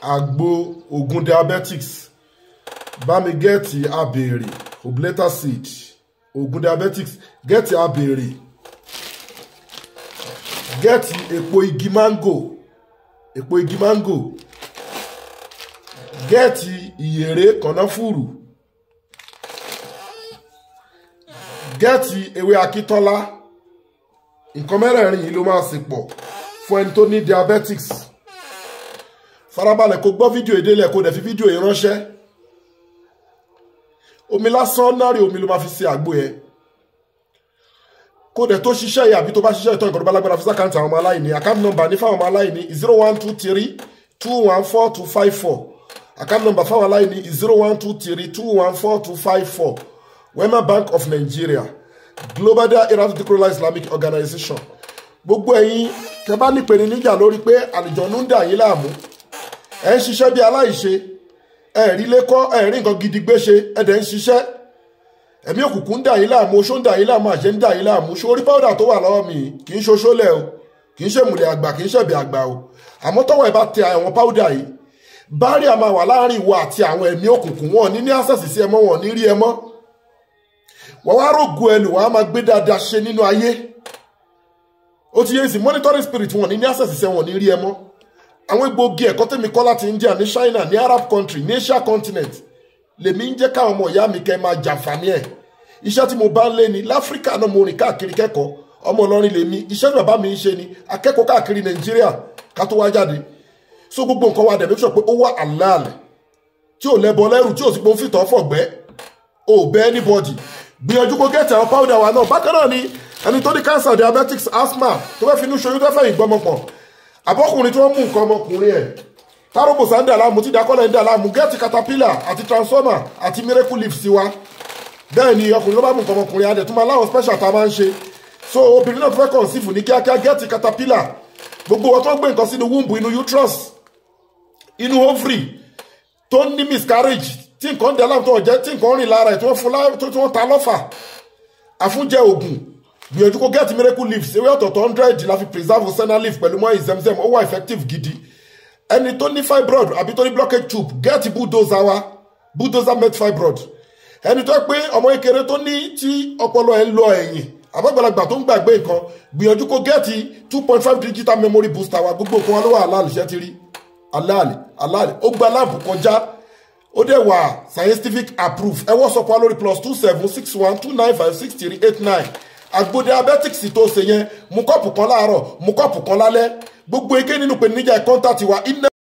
Agbo oògùn diabetics bámi gẹ́ẹ̀tì abèrè oblator seed oògùn diabetics gẹ́ẹ̀tì abèrè gẹ́ẹ̀tì èpo igi mango èpo igi mango gẹ́ẹ̀tì ìyèrè kànáfùrù gẹ́ẹ̀tì ewé akíntọ́lá nǹkan mẹ́rẹ̀ẹ̀rin yìí ló máa sì pọ̀ fún ẹni tó ní diabetics farabalẹ̀ kó gbọ́ fídíò yìí délẹ̀ kó dẹ̀ fi fídíò yìí ránṣẹ́ omi lásán náà rí omi ló máa fi ṣe àgbo yẹn kó dẹ̀ tó ṣiṣẹ́ yìí àbí tó bá ṣiṣẹ́ ìtọ́ ìkọ̀dọ̀ balagbára fi sákàǹtì àwọn ọmọ aláìní àkáǹtì nọ́mbà ní fáwọn ọmọ aláìní zero one two three two one four two five four àkáǹtì nọ́mbà fáwọn aláìní zero one two three two one four two five four Wema Bank of Nigeria Global Dahiratu Dhikrlahi Islamic Organization gbogbo ẹ̀yin tẹ́ bá nípe níjà lórí pé àlùjọ ń dà yín láàmú ẹ̀ ń ṣiṣẹ́ bí aláìṣe ẹ̀ rí lékọ́ ẹ̀ rí nǹkan gidi gbé ṣe ẹ̀ dẹ̀ ń ṣiṣẹ́ ẹ̀mí òkùnkùn ń dà yín láàmú oṣó ń dà yín láàmú àṣẹ ń dà yín láàmú ṣó orí powder tó wà lọ́wọ́ mi kì í ṣoṣó lẹ̀ o kì í ṣèmùlẹ̀ àgbà kì í ṣẹ̀bẹ̀ àgbà o àmọ́ tọ́wọ́ ẹ̀ bá tẹ àwọn powder yìí báárì a máa wà láàrin ìwọ àti àwọn ẹ̀mí òkùnkùn wọn ní ní access sí ẹmọ wọn ní rí ẹmọ wọ́n wá rògo ẹlò wọ́n á máa gbé dáadáa ṣe nínú ayé ó ti yé sí monitoring spirit wọn ní ní access sí wọn ní rí ẹmọ àwọn egbòogi ẹ̀kọ́ tèmi kọ́ láti India ní China ní Arab country ní Asia continent lèmi ń jẹ́ káwọn ọmọ ìyá mi kẹ́ máa jàǹfààní ẹ̀ iṣẹ́ tí mo bá ń lé ni láfíríkà náà mo rìn káàkiri kẹ́kọ̀ọ́ ọmọ Ìlọrin lèmi iṣẹ́ tí bàbá mi ń ṣe ni akẹ́kọ̀ọ́ káàkiri Nàìjíríà ká tó wá jáde so gbogbo nǹkan wa dẹ̀bí sọ pé ó wà àlàálẹ̀ tí ò lẹ́bọ lẹ́rù tí ò sì pé fìtọ́ fọ̀gbẹ́ ò anybody gbìyànjú kó gẹ̀ẹ́tì àwọn powder wa náà cancer diabetics asthma tó fẹ́ finú ṣoyún tó fẹ́ àbọ́kùnrin tí wọ́n mú nǹkan ọmọkùnrin ẹ̀ táròbòsà ń dà láàmú tí dakọ́lẹ̀ ń dà láàmú gẹ́ẹ̀tì caterpillar àti transformer àti miracle leaf sí wa bẹ́ẹ̀ ni ọkùnrin ló bá mú nǹkan ọmọkùnrin adẹ̀ tó máa láwọn special tá a máa ń ṣe so obìnrin náà fẹ́ conceive ní kíákíá gẹ́ẹ̀tì caterpillar gbogbo wọn tó ń gbé nǹkan sínú womb inú uterus inú ovary tó ń ní miscarriage tí nǹkan ń dà láàmú tó ń jẹ́ tí nǹkan ń rìn lára ẹ̀ tí wọ́n ta lọ́fà àfúnjẹ òògùn gbìyànjú kó get miracle leaves ewé ọ̀tọ̀ọ̀tọ̀ hundred la fi preserve senna leaf pẹ̀lú mọ́ zemzem ó wà effective gidi ẹni tó ní fibroid àbí tó ní blockage tube get bulldozer wa bulldozer met fibroid ẹni tó pé ọmọ kékeré tó ní tí ọpọlọ ẹ ń lọ ẹ̀yìn àbọ̀gbàlagbà tó ń gbàgbé nǹkan gbìyànjú kó get two point five digital memory booster wa gbogbo nǹkan wa ló wà aláàlì ṣẹ́ ti rí aláàlì aláàlì ó gba láàbù kọjá ó dẹ̀ wà scientific approve ẹ wọ́n sọ plus two seven six one two nine five six three eight nine àgbo diabetics tó ṣe yẹn mu kọ́ọ̀pù kan láàárọ̀ mu kọ́ọ̀pù kan lálẹ́ gbogbo ike nínú pèníjà kọ́ńtà tiwa iná.